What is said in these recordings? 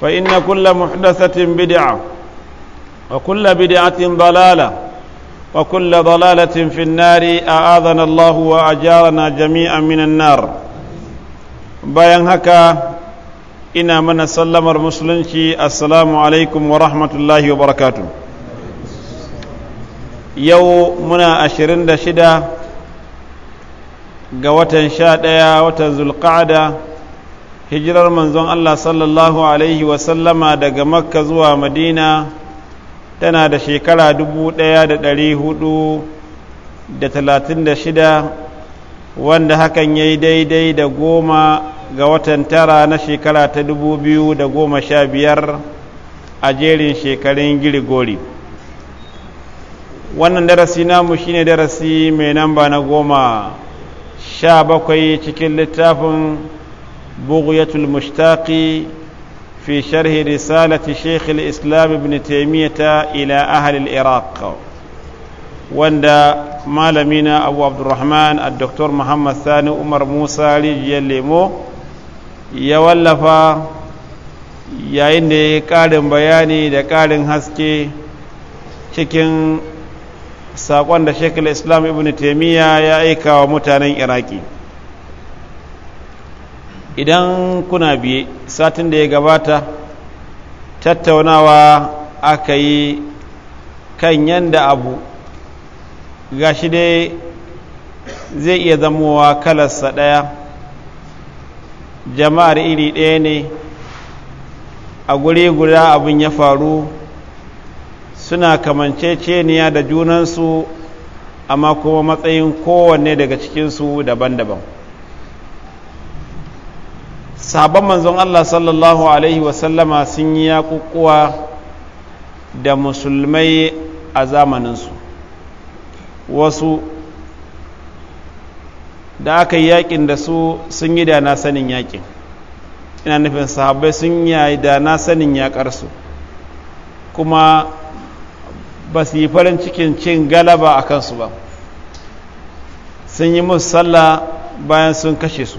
فإن كل محدثة بدعة وكل بدعة ضلالة وكل ضلالة في النار أعاذنا الله وأجارنا جميعا من النار بيان هكا إنا من سلم المسلمين السلام عليكم ورحمة الله وبركاته يو منا أشرين دشدة قوة شادية وتزل قعدة hijirar manzon Allah sallallahu Alaihi wasallama daga makka zuwa madina tana da shekara dubu ɗaya da ɗari hudu da talatin da shida wanda hakan ya yi daidai da goma ga watan tara na shekara ta dubu biyu da goma sha biyar a jerin shekarun girigori wannan darasi namu shine darasi mai namba na goma sha bakwai cikin littafin بغية المشتاق في شرح رسالة شيخ الإسلام ابن تيمية إلى أهل العراق وندا مالمينا أبو عبد الرحمن الدكتور محمد ثاني عمر موسى ليجيليمو ya wallafa yayin da ya ƙarin bayani da ƙarin haske cikin saƙon da shekul islam ibn taimiyya ya aika wa mutanen iraki idan kuna biye satin da ya gabata tattaunawa aka yi kan yanda abu gashi dai zai iya zamowa kalarsa ɗaya jama'ar iri ɗaya ne a guri guda abin ya faru suna kamanceceniya da junansu amma kuma matsayin kowanne daga cikinsu daban-daban sahabban manzon Allah sallallahu alaihi wasallama sun yi yakukuwa da musulmai a zamaninsu wasu da aka yi yakin da su sun yi da na sanin yakin ina nufin sahabbai sun yi da na sanin yakarsu kuma ba su yi farin cikin cin galaba a kansu ba sun yi musu sallah bayan sun kashe su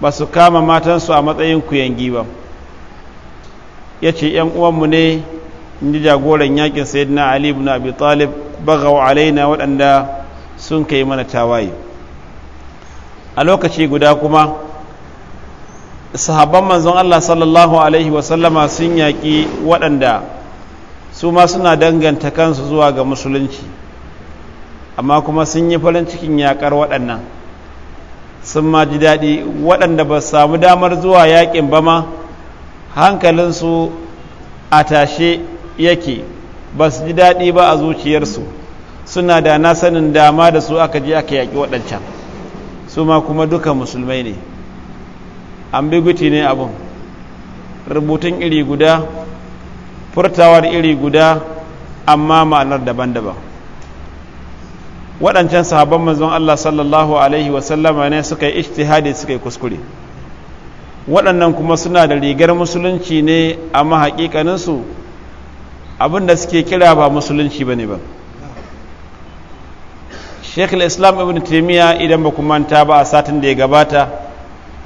ba su kama matansu a matsayin kuyangi ba ya ce uwanmu ne in ji jagoran yakin sayyidina ali ibn abi talib bagaw alaina waɗanda sun kai mana tawaye a lokaci guda kuma sahabban manzon Allah sallallahu alaihi wasallama sun yaƙi waɗanda su ma suna danganta kansu zuwa ga musulunci amma kuma sun yi farin cikin yaƙar waɗannan sun ma ji daɗi waɗanda ba samu damar zuwa yaƙin ba ma hankalinsu a tashe yake ba su ji daɗi ba a zuciyarsu suna da na sanin dama da su aka je aka yaƙi waɗancan su ma kuma duka musulmai ne ambiguity ne abun rubutun iri guda furtawar iri guda amma ma'anar daban-daban waɗancan sahabban manzon Allah sallallahu alaihi wasallama ne suka yi ijtihadi suka yi kuskure waɗannan kuma suna da rigar musulunci ne amma haƙiƙaninsu abin suke kira ba musulunci ba ne ba sheikh islam ibn taimiyya idan ba manta ba a satin da ya gabata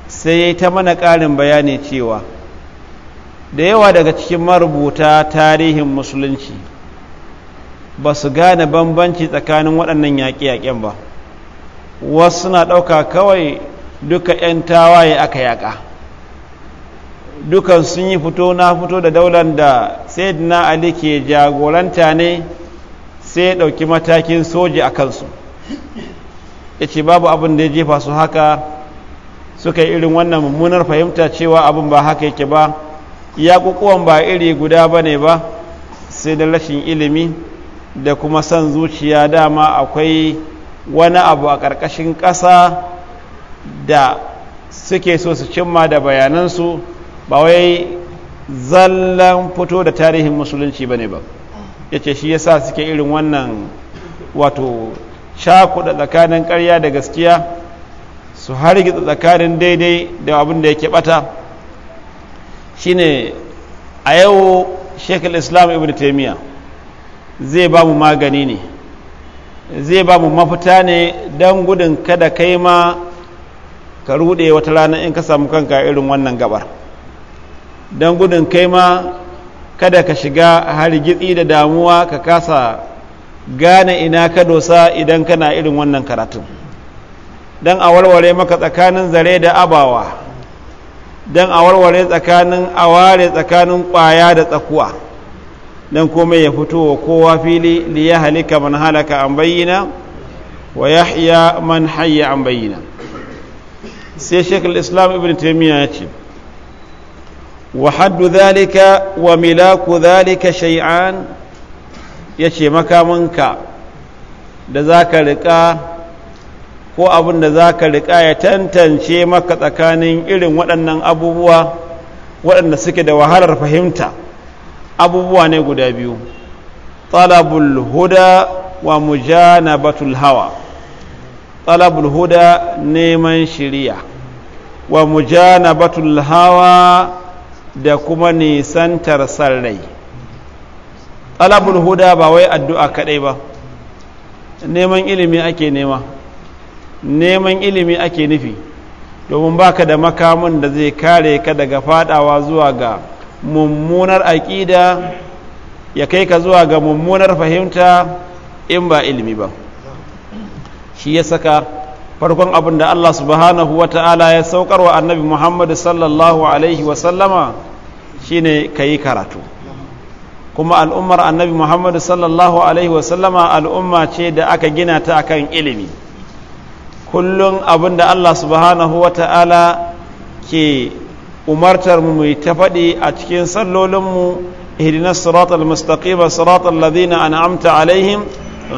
sai ya ta mana ƙarin bayani cewa da yawa daga cikin marubuta tarihin musulunci ba su gane bambanci tsakanin waɗannan yaƙe-yaƙen ba wasu suna ɗauka kawai duka 'yan tawaye aka yaƙa dukan sun yi fito na fito da daular da sayyidina ali ke jagoranta ne sai ya ɗauki matakin soji a kansu ya ce babu abin da ya jefa su haka suka yi irin wannan mummunar fahimta cewa abin ba haka yake ba ya ba iri guda ba ne ba sai da rashin ilimi da kuma son zuciya dama akwai wani abu a ƙarƙashin ƙasa da suke so su cimma da bayanansu ba wai zallan fito da tarihin musulunci ba ne ba ya ce shi yasa suke irin wannan wato da tsakanin ƙarya da gaskiya su hargitsa tsakanin daidai da abin da yake bata shine a yau shekul islam ibn taimiyya zai ba mu magani ne zai ba mu mafita ne don gudun kada kai ma ka rude wata rana in ka samu kanka irin wannan gabar don gudun kai ma kada ka shiga hargitsi da damuwa ka kasa gane ina ka dosa idan kana irin wannan karatun don a warware maka tsakanin zare da abawa don a warware tsakanin aware tsakanin kwaya da tsakuwa dan komai ya fito wa kowa fili li ya halika man halaka an bayyana wa yahya man hayya an bayyana sai Sheikh al-Islam Ibn Taymiyyah ya ce wa haddu zalika wa milaku zalika shay'an yace makamanka da zaka rika ko abin da zaka rika ya tantance maka tsakanin irin waɗannan abubuwa waɗanda suke da wahalar fahimta abubuwa ne guda biyu talabul huda wa mujanabatul hawa talabul huda neman shiriya wa mujanabatul hawa da kuma nisantar sarrai talabul huda ba wai addu'a kaɗai ba neman ilimi ake nema neman ilimi ake nufi domin baka da makamun da zai kare ka daga fadawa zuwa ga mummunar aƙida ya kai ka zuwa ga mummunar fahimta in ba ilimi ba shi ya saka farkon abin da Allah subhanahu wa ta'ala ya saukar wa annabi Muhammadu sallallahu alaihi wasallama shi ne ka yi karatu kuma al'ummar annabi Muhammadu sallallahu alaihi wasallama al'umma ce da aka gina ta akan ilimi kullum abin da Allah subhanahu wa ta'ala ke umartar mu mu ta faɗi a cikin sallolinmu ihdinas siratal mustaqim siratal ladina an'amta alaihim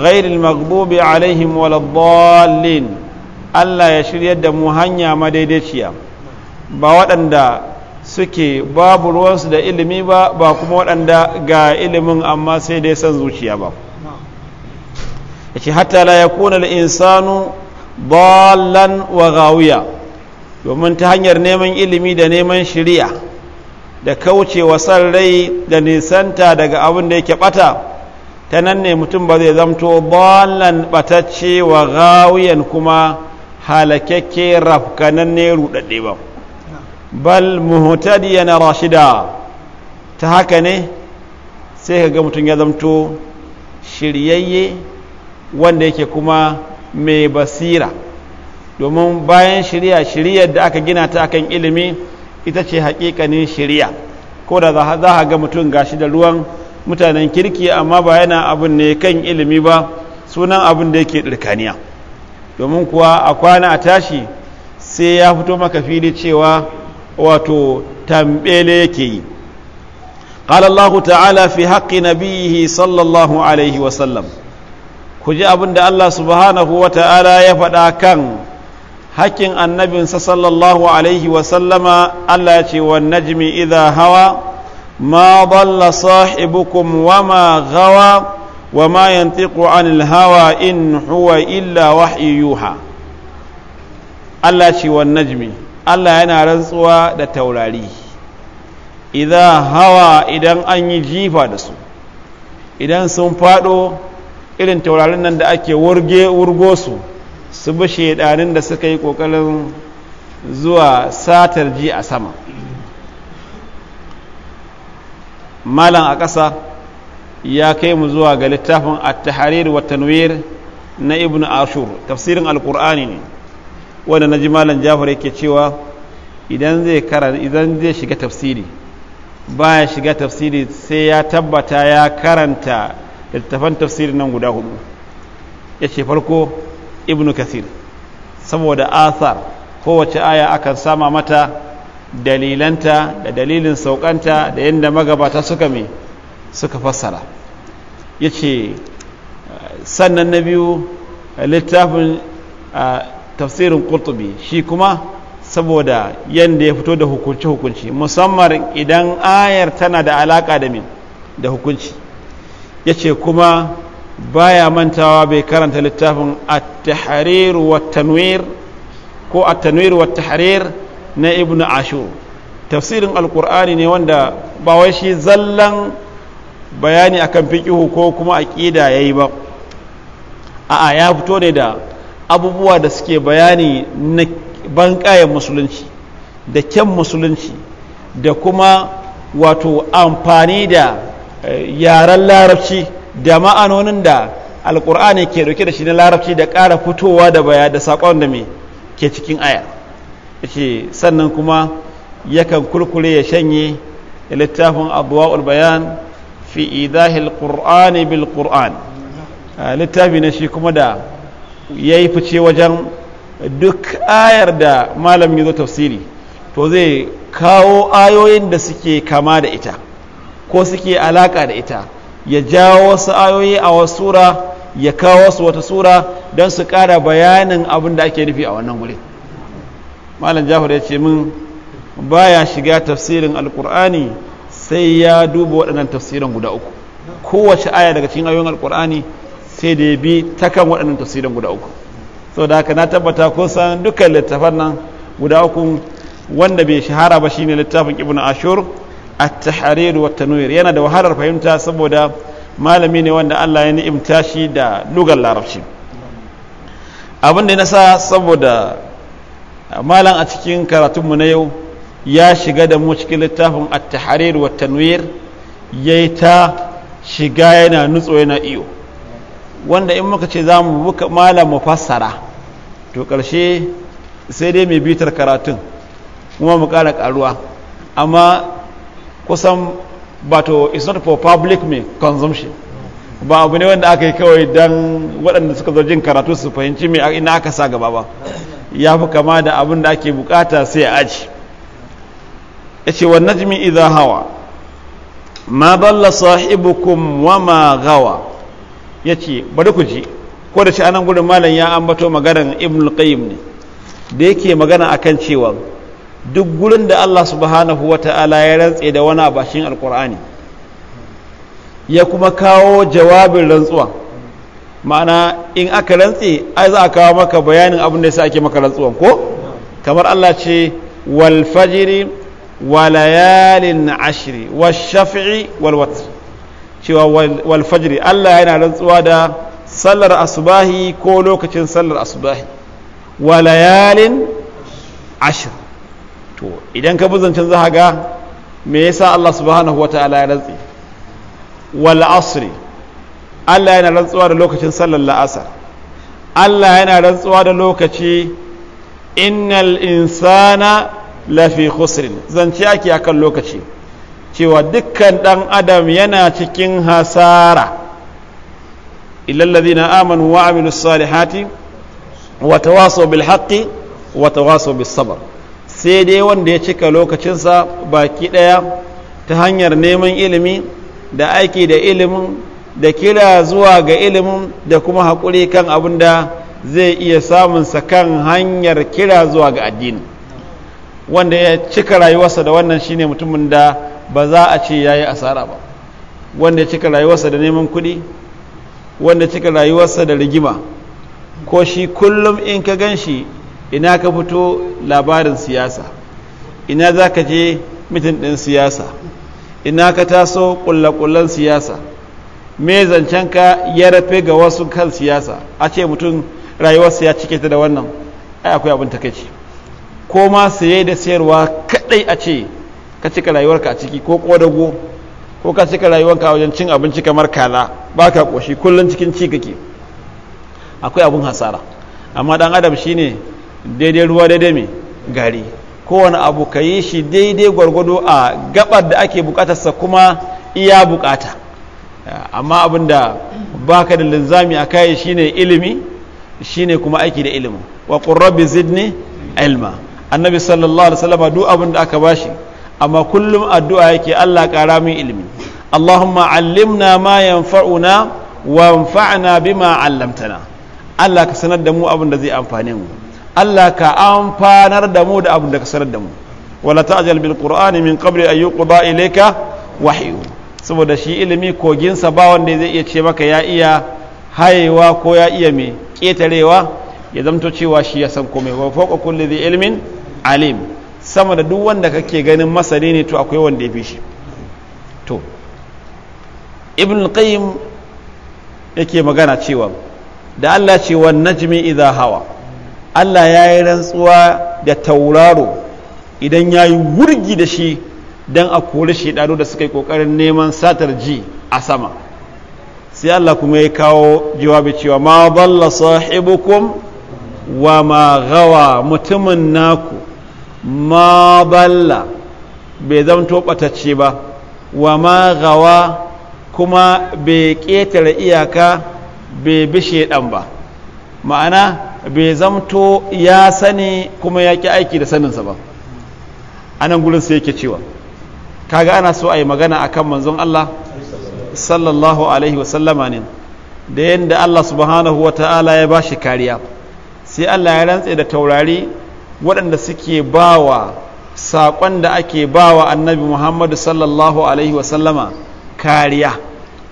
ghairil maghdubi alaihim waladdallin Allah ya shirya da mu hanya madaidaiciya ba waɗanda suke babu ruwansu da ilimi ba ba kuma waɗanda ga ilimin amma sai dai san zuciya ba yake hatta la yakuna al-insanu dallan wa ghawiya domin ta hanyar neman ilimi da neman shiriya da kaucewa san rai da nisanta daga abin da yake bata ta nan ne mutum ba zai zamto ballan batacce wa gawiyan kuma halakakke rafkanan ne rudade ba bal muhtadiyan rashida ta haka ne sai ka ga mutum ya zamto shiryayye wanda yake kuma mai basira domin bayan shirya shiryar da aka gina ta akan ilimi ita ce hakikanin shirya ko da za a ga mutum gashi da ruwan mutanen kirki amma ba yana abin ne kan ilimi ba sunan abin da yake ɗirkaniya domin kuwa a kwana a tashi sai ya fito maka fili cewa wato tambele yake yi قال الله تعالى في حق نبيه ku الله abin da allah subhanahu الله سبحانه وتعالى faɗa كان hakkin annabinsa sallallahu alaihi wasallama Allah ce wa najmi idha hawa ma dalla sahibukum wa ma gawa wa ma yantiqu anil hawa in huwa illa wahyu yuha Allah ce wa najmi Allah yana rantsuwa da taurari idha hawa idan anyi yi jifa da su idan sun faɗo irin taurarin nan da ake wurgo su su bi shaidanin da suka yi ƙoƙarin zuwa satar ji a sama malam a ƙasa ya kai mu zuwa ga littafin at-tahrir wa tanwir na ibn ashur tafsirin alkur'ani ne wanda na ji malam jafar yake cewa idan zai karanta idan zai shiga tafsiri baya shiga tafsiri sai ya tabbata ya karanta littafan tafsirin nan guda hudu yace farko ibnu kathir saboda athar kowace aya akan sama mata dalilanta da dalilin saukanta da yadda magabata suka mai suka fassara yace sannan na biyu littafin tafsirin kurtubi shi kuma saboda yadda ya fito da hukunci-hukunci musamman idan ayar tana da alaƙa da min da hukunci yace kuma baya mantawa bai karanta littafin at-tahrir wa tanwir ko at-tanwir wa tahrir na ibnu ashur tafsirin alkur'ani ne wanda ba wai shi zallan bayani akan fiqihu ko kuma aqida yayi ba a'a ya fito ne da abubuwa da suke bayani na bankayen musulunci da kyan musulunci da kuma wato amfani da eh, yaren larabci da ma'anonin da alkur'ani ke dauke da shi na larabci da ƙara fitowa da baya da saƙon da me ke cikin aya yace sannan kuma yakan kulkule ya shanye littafin adwa'ul bayan fi idahil qur'ani bil qur'an littafi na shi kuma da yayi fice wajen duk ayar da malam yi zo tafsiri to zai kawo ayoyin da suke kama da ita ko suke alaka da ita ya jawo wasu ayoyi a wasu sura ya kawo su wata sura don su kara bayanin abin da ake nufi a wannan wuri malam jafar ya ce min baya shiga tafsirin alkur'ani sai ya duba waɗannan tafsirin guda uku kowace aya daga cikin ayoyin alkur'ani sai da ya bi ta kan waɗannan tafsirin guda uku so da haka na tabbata kun san dukkan littafan nan guda uku wanda bai shahara ba shine littafin ibnu ashur at-tahrir wa tanwir yana da wahalar fahimta saboda malami ne wanda Allah ya ni'imta shi da lugar larabci abin da nasa saboda malam a cikin karatunmu na yau ya shiga da mu cikin littafin at-tahrir wa tanwir yayi ta shiga yana nutso yana iyo wanda in muka ce za mu buka malam mu fassara to ƙarshe sai dai mai bitar karatun kuma mu ƙara ƙaruwa amma kusan bato is not for public me consumption ba abu ne wanda aka yi kawai don waɗanda suka zo jin karatu su fahimci mai ina aka sa gaba ba ya fi kama da abin da ake bukata sai a aji ya ce wa najmi idha hawa ma balla sahibukum wa ma gawa ya ce bari ku ji ko da shi anan gudun malam ya ambato maganar ibn qayyim ne da yake magana akan cewa duk gurin da Allah subhanahu wa ta'ala ya rantse da wani abashin alkur'ani ya kuma kawo jawabin rantsuwa ma'ana in aka rantse ai za a kawo maka bayanin abin da ya sa ake maka rantsuwan ko kamar Allah ce wal fajiri wa layalin ashri wa shafi wal watr cewa wal fajiri Allah yana rantsuwa da sallar asubahi ko lokacin sallar asubahi wa layalin ashri to idan ka bi zancen za ga me yasa Allah subhanahu wa ta'ala ya rantsi wal asri Allah yana rantsuwa da lokacin sallar la'asar Allah yana rantsuwa da lokaci innal insana lafi khusrin zance ake kan lokaci cewa dukkan ɗan adam yana cikin hasara illal ladina amanu wa amilus salihati wa tawasaw bil haqqi wa tawasaw bis sabr sai dai wanda ya cika lokacinsa baki ɗaya ta hanyar neman ilimi da aiki da ilimin da kira zuwa ga ilimin da kuma haƙuri kan abin da zai iya samun sa kan hanyar kira zuwa ga addini wanda ya cika rayuwarsa da wannan shine mutumin da ba za a ce ya yi asara ba wanda ya cika rayuwarsa da neman kuɗi wanda ya cika rayuwarsa da rigima ko shi kullum in ka gan shi ina ka fito labarin siyasa ina za ka je mitin ɗin siyasa ina ka taso ƙullaƙullan siyasa me zancenka ya rafe ga wasu kan siyasa a ce mutum rayuwarsa ya cike ta da wannan ai akwai abin kai ko ma saye da sayarwa kadai a ce ka cika rayuwarka a ciki ko kodago ko ka cika rayuwarka wajen cin abinci kamar kala baka ka ƙoshi kullum cikin ci kake akwai abin hasara amma dan adam shine daidai ruwa daidai mai gari kowane abu ka yi shi daidai gwargwado a gabar da ake bukatarsa kuma iya bukata amma abin da baka da linzami a kayi shine ilimi shine kuma aiki da ilimi. wa qurrabi zidni ilma annabi sallallahu alaihi wasallam duk abin da aka bashi amma kullum addu'a yake Allah ƙara min ilimi Allahumma allimna ma yanfa'una bi bima 'allamtana Allah ka sanar da mu abin da zai amfane mu Allah ka amfanar da mu da abin da ka sanar da mu wala ta'jal bil qur'ani min qabli an yuqda ilayka wahyu saboda shi ilimi koginsa ba wanda zai iya ce maka ya iya hayewa ko ya iya mai ƙetarewa ya zamto cewa shi ya san komai wa fawqa kulli dhi ilmin alim sama da duk wanda kake ganin masani ne to akwai wanda ya fi shi to ibn qayyim yake magana cewa da Allah ce wan najmi idha hawa Allah ya yi rantsuwa da tauraro idan ya yi wurgi da shi don a kori shaidanu da suka yi ƙoƙarin neman satar ji a sama sai Allah kuma ya kawo jawabi cewa ma balla sahibukum wa ma gawa mutumin naku ma balla bai zamto batacce ba wa ma gawa kuma bai ƙetare iyaka bai bi shaidan ba ma'ana bai zamto ya sani kuma ya ki aiki da saninsa ba anan gurinsa sai yake cewa kaga ana so a yi magana kan manzon Allah sallallahu alaihi wasallama ne da yadda Allah subhanahu wa ta'ala ya ba shi kariya sai Allah ya rantse da taurari waɗanda suke bawa saƙon da ake bawa annabi Muhammadu sallallahu alaihi wasallama kariya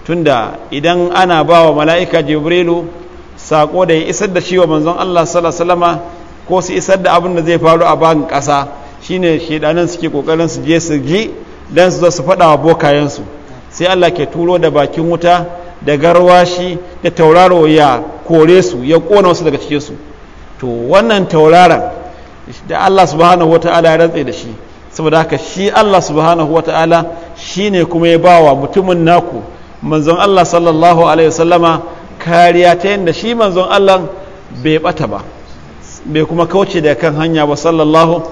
tunda idan ana bawa mala'ika jibrilu sako da ya isar da shi wa manzon Allah sallallahu ko su isar da abin da zai faru a bakin ƙasa shine shedanan suke kokarin su je su ji dan su zo su faɗa wa bokayensu sai Allah ke turo da bakin wuta da garwashi da tauraro ya kore su ya kona wasu daga cikin su to wannan tauraron da Allah subhanahu wataala ya rantse da shi saboda haka shi Allah subhanahu wataala shine kuma ya bawa mutumin naku manzon Allah sallallahu alaihi wasallama kariya ta yadda shi manzon Allah bai bata ba bai kuma kauce da kan hanya ba sallallahu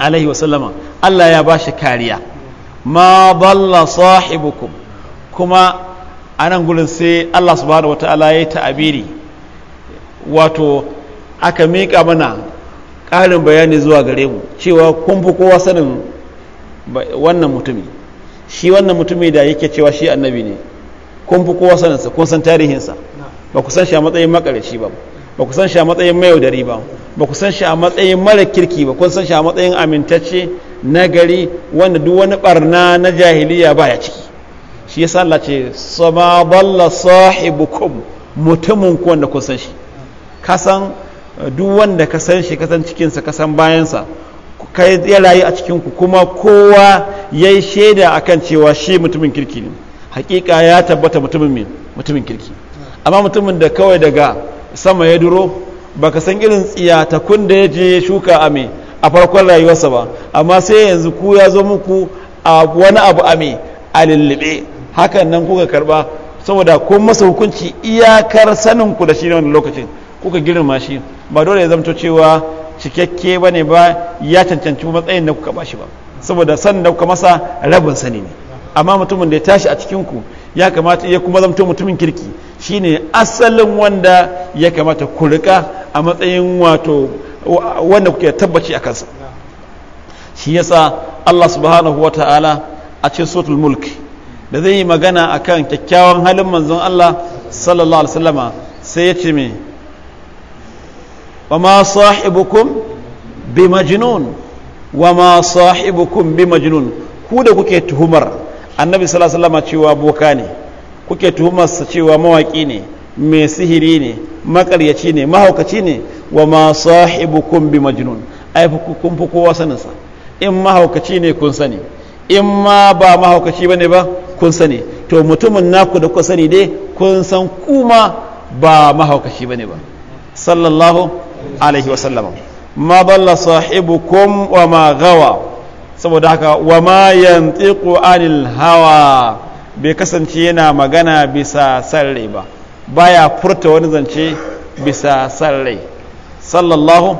alaihi wasallama Allah ya ba shi kariya ma balla sahibukum kuma a nan gurin sai Allah subhanahu wata'ala ya yi ta'abiri wato aka miƙa mana ƙarin bayani zuwa gare mu cewa kun fi kowa sanin wannan mutumi shi wannan mutumi da yake cewa shi annabi ne kun fi kowa sanarsa kun san tarihinsa ba ku san shi a matsayin makarashi ba ba ku san shi a matsayin mayaudari ba ba ku san shi a matsayin mara kirki ba kun san shi a matsayin amintacce na gari wanda duk wani barna na jahiliya ya ciki shi ya Allah ce sama balla sahibukum mutumin ku wanda kun san shi ka san duk wanda ka san shi ka san cikinsa ka san bayansa kai ya rayu a cikinku kuma kowa yayi shaida akan cewa shi mutumin kirki ne hakika ya tabbata mutumin mutumin kirki amma mutumin da kawai daga sama ya duro baka san irin tsiyatakun da ya je shuka a a farkon rayuwarsa ba amma sai yanzu ku ya zo muku a wani abu a mai a lullube hakan nan kuka karba saboda kun masa hukunci iyakar sanin ku da shi na wani lokacin kuka girma shi ba dole ya zamto cewa cikakke ba ne ba ya cancanci matsayin da kuka ba shi ba saboda san da kuka masa rabin sani ne amma mutumin da ya tashi a cikinku ya kamata ya kuma zamto mutumin kirki shine asalin wanda ya kamata ku rika a matsayin wato wanda kuke tabbaci a kansa shi yasa Allah subhanahu wa ta'ala a cikin suratul mulk da zai yi magana akan kyakkyawan halin manzon Allah sallallahu alaihi wasallama sai ya ce me wa ma sahibukum bi majnun wa ma sahibukum bi majnun ku da kuke tuhumar annabi sallallahu cewa boka ne kuke tuhumarsa cewa mawaki ne mai sihiri ne makaryaci ne mahaukaci ne wa ma sahibukum bi majnun ai kun fi kowa saninsa in mahaukaci ne kun sani in ma ba mahaukaci ne ba kun sani to mutumin naku da kuka sani dai kun san kuma ba mahaukaci ne ba sallallahu alaihi wasallama ma dalla sahibukum wa ma gawa saboda haka wa ma yantiqu anil hawa bai kasance yana magana bisa sarrai ba baya furta wani zance bisa sarrai sallallahu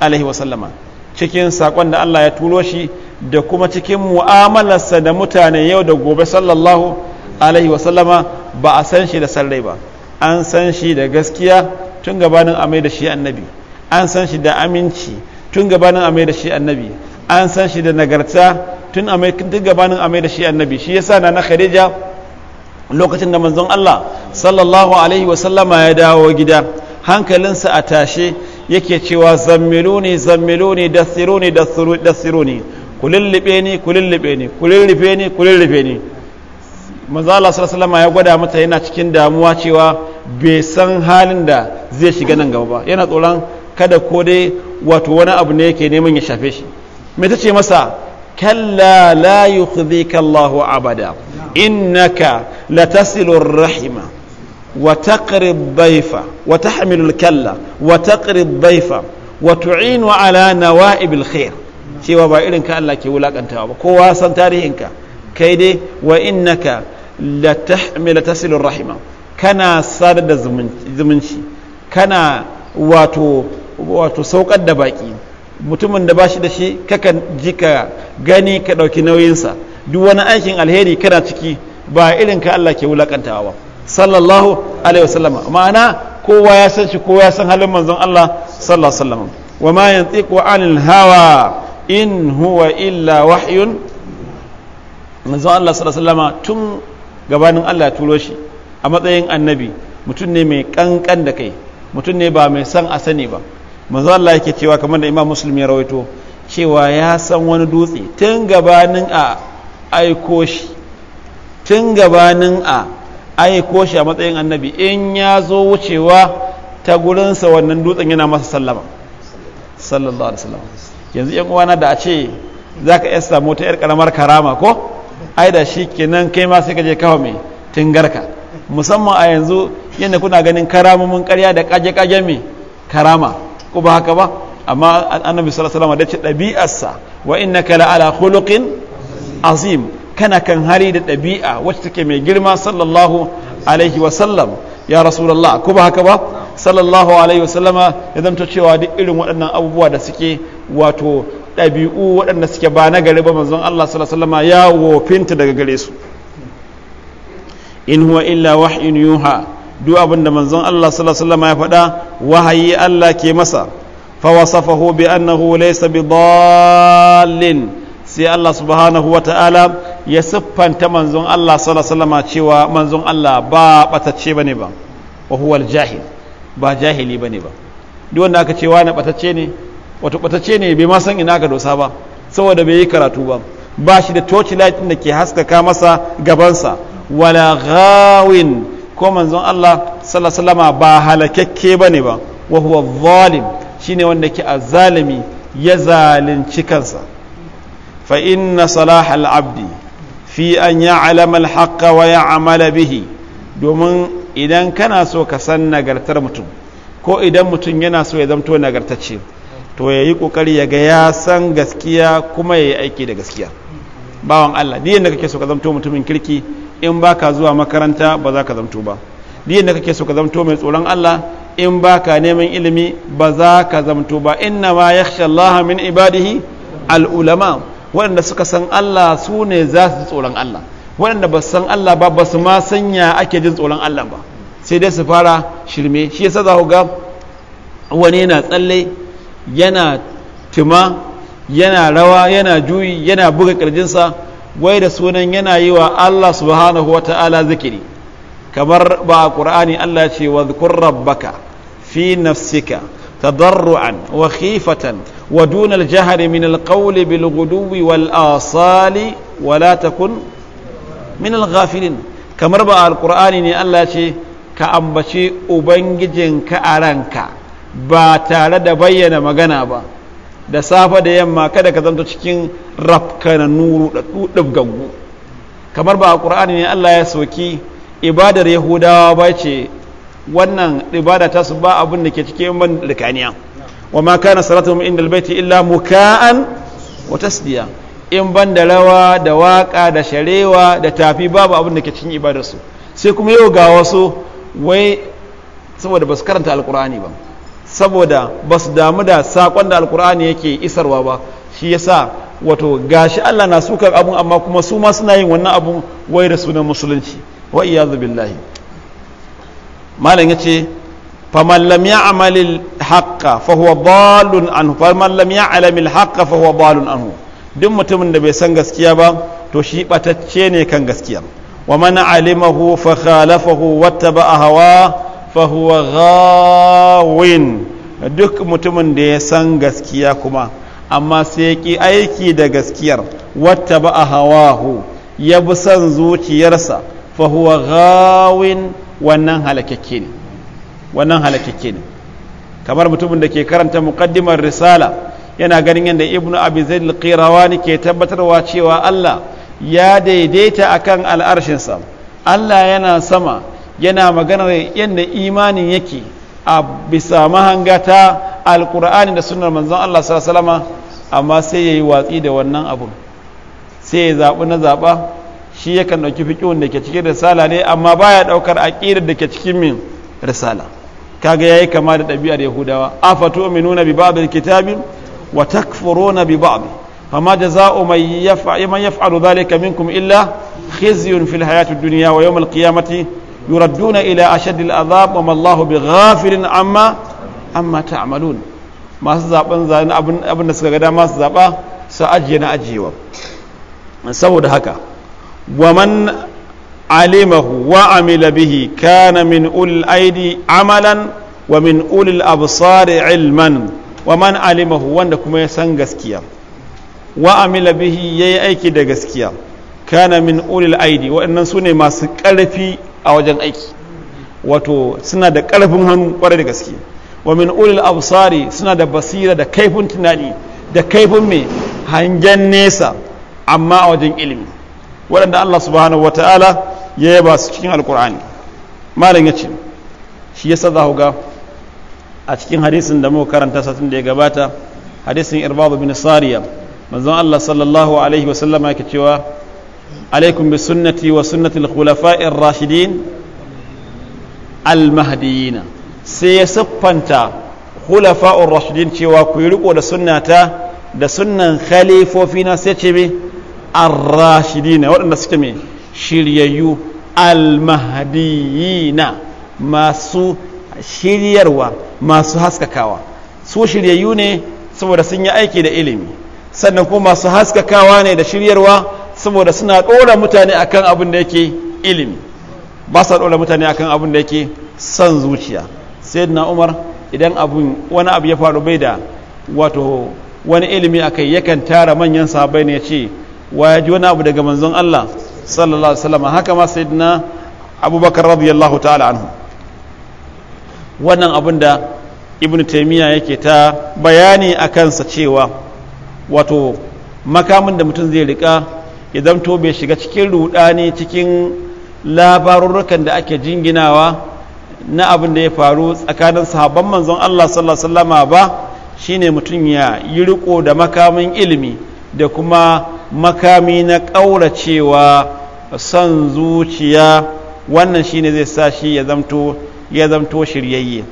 alaihi wasallama cikin sakon da Allah ya turo shi da kuma cikin mu'amalarsa da mutane yau da gobe sallallahu alaihi wasallama ba a san shi da sarrai ba an san shi da gaskiya tun gabanin amai da shi annabi an san shi da aminci tun gabanin amai da shi annabi an san shi da nagarta tun a mai gabanin a da shi annabi shi yasa na na khadija lokacin da manzon Allah sallallahu alaihi wasallama ya dawo gida hankalinsa a tashe yake cewa zammiluni zammiluni dathiruni dathiruni ku lullube ni ku lullube ni ku lullube ni ku lullube ni manzo Allah sallallahu alaihi ya gwada mata yana cikin damuwa cewa bai san halin da zai shiga nan gaba ba yana tsoron kada ko dai wato wani abu ne yake neman ya shafe shi me ta ce masa kalla la yukhzika Allahu abada innaka latasilu rahima wa taqri dhaifa wa kalla wa taqri dhaifa wa tu'inu ala nawa'ib cewa ba irin ka Allah ke wulakantawa ba kowa san tarihinka kai dai wa innaka latasilu rahima kana sadar da zumunci kana wato wato saukar da baki mutumin da bashi da shi kakan ji ka gani ka ɗauki nauyinsa duk wani aikin alheri kana ciki ba irin ka Allah ke wulakantawa ba sallallahu alaihi wasallama ma'ana kowa ya san shi kowa ya san halin manzon Allah sallallahu alaihi wasallam wa ma yantiqu anil hawa in huwa illa wahyun manzon Allah sallallahu tun gabanin Allah ya turo shi a matsayin annabi mutum ne mai kankan da kai mutum ne ba mai san a sani ba manzo Allah yake cewa kamar da Imam Muslim ya rawaito cewa ya san wani dutse tun gabanin a aiko tun gabanin a aiko a matsayin annabi in ya zo wucewa ta gurinsa wannan dutsen yana masa sallama sallallahu alaihi wasallam yanzu yan uwana da a ce zaka iya samu ta yar karamar karama ko ai da shi kenan kai ma sai ka je kawo mai tingarka musamman a yanzu yadda kuna ganin karamomin karya da kaje-kaje mai karama ko ba haka ba amma annabi sallallahu alaihi wasallam da ce ɗabi'arsa wa innaka la ala khuluqin azim kana kan hali da ɗabi'a wacce take mai girma sallallahu alaihi wasallam ya rasulullah ko ba haka ba sallallahu alaihi wasallama ya zamta cewa duk irin waɗannan abubuwa da suke wato ɗabi'u waɗanda suke ba na gari ba manzon Allah sallallahu alaihi wasallama ya wofinta daga gare su in huwa illa wahyun yuha duk abin da manzon Allah sallallahu alaihi wasallam ya faɗa wahayi Allah ke masa fa wasafahu bi annahu laysa dallin sai Allah subhanahu wata'ala ya siffanta manzon Allah sallallahu alaihi wasallam cewa manzon Allah ba batacce bane ba wa huwa jahil ba jahili bane ba duk wanda aka ce wani batacce ne wato batacce ne bai ma san ina ga dosa ba saboda bai yi karatu ba ba shi da torchlight da ke haskaka masa gabansa wala ghawin ko manzon Allah sallallahu alaihi wasallam ba halakakke bane ba wa huwa zalim shine wanda ke azalimi ya zalunci kansa fa inna salah al-abdi fi an ya'lama al-haqqa wa ya'mala bihi domin idan kana so ka san nagartar mutum ko idan mutum yana so ya zamto nagartacce to yayi yi kokari ya ga ya san gaskiya kuma ya yi aiki da gaskiya bawan Allah ni yadda kake so ka zamto mutumin kirki in ba ka zuwa makaranta ba za ka zamto ba diyan da kake so ka zamto mai tsoron Allah in ba ka neman ilimi ba za ka zamto ba inna ma yakhsha Allah min ibadihi al waɗanda suka san Allah su ne za su tsoron Allah waɗanda ba san Allah ba ba su ma sanya ake jin tsoron Allah ba sai dai su fara shirme shi yasa za ku ga wani yana tsalle yana tuma yana rawa yana juyi yana buga kirjinsa wai da sunan yana yi wa Allah subhanahu wa ta'ala zikiri kamar ba a ƙur'ani Allah ce wa rabbaka fi nafsika tadarru'an wa khifatan wa dunal jahari min alqawli bil guduwi wal asali wa la min kamar ba alqur'ani ne Allah ce ka ambaci ubangijinka a ranka ba tare da bayyana magana ba da safe da yamma kada ka zanto cikin rafkana nuru da gangu kamar ba a ƙur'ani ne Allah ya soki ibadar yahudawa ba ce wannan ibada ta su ba abin da ke cikin ban rikaniya wa ma kana salatuhum inda albayti illa muka'an wa tasdiya in ban da rawa da waƙa da sharewa da tafi babu abin da ke cikin ibadarsu sai kuma yau ga wasu wai saboda ba su karanta alkur'ani ba saboda ba su damu da saƙon da alkur'ani yake isarwa ba shi yasa wato gashi Allah na sukar abun amma kuma su ma suna yin wannan abun wai da sunan musulunci wa iyazu billahi malam yace faman lam ya'mal al-haqqa fa huwa dallun anhu lam ya'lam al-haqqa fa huwa duk mutumin da bai san gaskiya ba to shi batacce ne kan gaskiya wa man alimahu fa khalafahu a hawa fahuwa gawin duk mutumin da ya san gaskiya kuma amma sai ki aiki da gaskiyar wata ba a hawahu ya bi son zuciyarsa fahuwa gawin wannan halakakke ne wannan halakakke ne kamar mutumin da ke karanta muqaddimar risala yana ganin yadda ibn abi zaid al-qirawani ke tabbatarwa cewa Allah ya daidaita akan al'arshinsa Allah yana sama yana maganar yadda imanin yake a bisa mahanga ta alkur'ani da sunar manzon Allah sallama amma sai ya yi watsi da wannan abun sai ya zaɓi na zaɓa shi yakan ɗauki fiƙihun da ke cikin risala ne amma ba ya ɗaukar aƙidar da ke cikin min risala kaga yi kama da ɗabi'ar yahudawa A afatu nuna bi ba'a ba'd kitabi wa na bi ba'a. bi fama da za yaf'alu mai yaf'alu dhalika minkum illa khizyun fil hayati duniya, wa yawm al-qiyamati yuradduna ila ashadil azab wa mallahu bi ghafirin amma amma ta'malun masu zaben zane abin da suka ga dama su zaba su ajiye na ajiyewa saboda haka wa man alimahu wa amila bihi kana min ulil aidi amalan wa min ulil absari ilman wa man alimahu wanda kuma ya san gaskiya wa amila bihi yayi aiki da gaskiya kana min ulil aidi waɗannan sune ne masu ƙarfi a wajen aiki wato suna da ƙarfin hannu ƙwarai da gaske wa min ulil absari suna da basira da kaifin tunani da kaifin mai hangen nesa amma a wajen ilimi waɗanda Allah subhanahu wa ta'ala ya yaba su cikin alkur'ani malam ya ce shi yasa za ga a cikin hadisin da muka karanta satin da ya gabata hadisin irbabu bin sariya manzon Allah sallallahu alaihi wasallam yake cewa alaikum bi sunnati wa sunnati al-khulafa'ir rashidin al-mahdiyina sai ya siffanta khulafa'ur rashidin cewa ku yi da sunnata da sunnan khalifofina na sai ce me ar waɗanda suke me shiryayyu al-mahdiyina masu shiryarwa masu haskakawa su shiryayyu ne saboda sun yi aiki da ilimi sannan kuma masu haskakawa ne da shiryarwa saboda suna ɗora mutane a kan abin da yake ilimi ba sa ɗora mutane a kan abin da yake son zuciya sai na umar idan wani abu ya faru bai da wato wani ilimi a kai yakan tara manyan sabai ne ce wa ya ji wani abu daga manzon Allah sallallahu alaihi wasallam haka ma sai na abubakar radiyallahu ta'ala anhu wannan abin da ibnu taymiya yake ta bayani a kansa cewa wato makamin da mutum zai rika ya zamto bai shiga cikin rudani cikin labarurrukan da ake jinginawa na abin da ya faru tsakanin sahabban manzon Allah sallallahu alaihi wasallam ba shine mutum ya yi riko da makamin ilimi da kuma makami na ƙauracewa son zuciya wannan shine zai sa shi ya zamto ya zamto shiryayye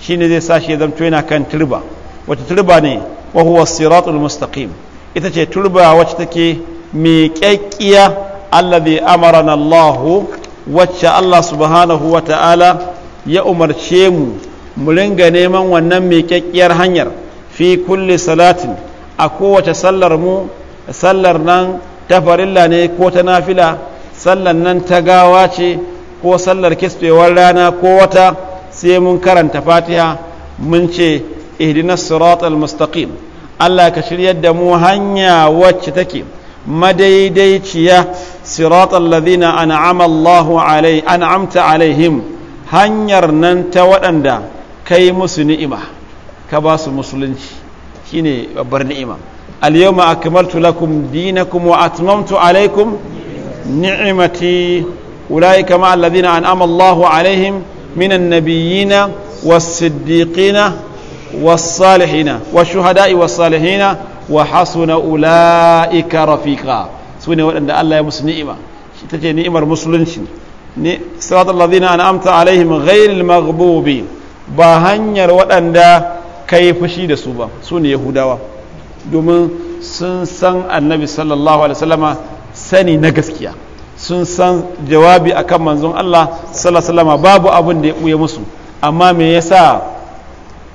shine zai sa shi ya zamto yana kan turba wata turba ne wa huwa siratul mustaqim ita ce turba wacce take miƙaƙƙiya allazi amarana Allah wacce Allah subhanahu wata'ala ya umarce mu mu ringa neman wannan miƙaƙƙiyar hanyar fi kulli salatin a kowace sallar mu sallar nan ta farilla ne ko ta nafila sallar nan ta gawa ce ko sallar kisbewar rana ko wata sai mun karanta fatiha mun ce ihdinas siratal mustaqim Allah ka shiryar da mu hanya wacce take madaidaiciya siratal ladina an'ama Allahu alai an'amta alaihim hanyar nan ta waɗanda kai musu ni'ima ka ba musulunci shine babbar ni'ima al yawma akmaltu lakum dinakum wa atmamtu alaikum ni'imati ulaika ma alladhina an'ama Allahu alaihim minan nabiyina was siddiqina was salihina was shuhada'i was salihina wa hasuna ula'ika rafiqa su ne waɗanda Allah ya musu ni'ima shi ce ni'imar musulunci ne siratul ladina an'amta alaihim ghairil maghbubi ba hanyar waɗanda kai fushi da su ba su ne yahudawa domin sun san annabi sallallahu alaihi wasallama sani na gaskiya sun san jawabi akan manzon Allah sallallahu alaihi wasallama babu abin da ya buye musu amma me yasa